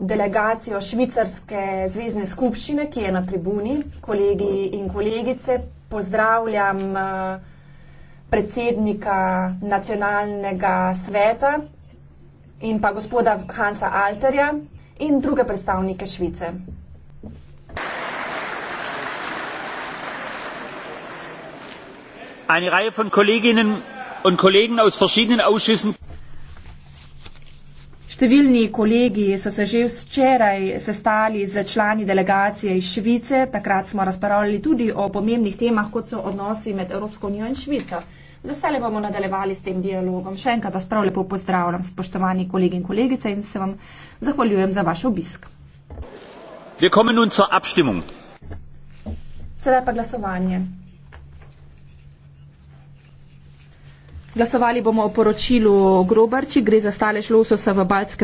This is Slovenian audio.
delegacijo Švicarske zvezdne skupščine, ki je na tribuni, kolegi in kolegice. Pozdravljam eh, predsednika nacionalnega sveta in pa gospoda Hansa Alterja in druge predstavnike Švice. Eine Reihe von Kolleginnen und Kollegen aus verschiedenen Ausschüssen. Številni kolegi so se že včeraj sestali z člani delegacije iz Švice. Takrat smo razpravljali tudi o pomembnih temah, kot so odnosi med Evropsko unijo in Švico. Z veseljem bomo nadaljevali s tem dialogom. Še enkrat vas prav lepo pozdravljam, spoštovani kolegi in kolegice, in se vam zahvaljujem za vaš obisk. Sedaj pa glasovanje. Glasovali bomo o poročilu Grobarči, gre za stalež lososa v Baltskem.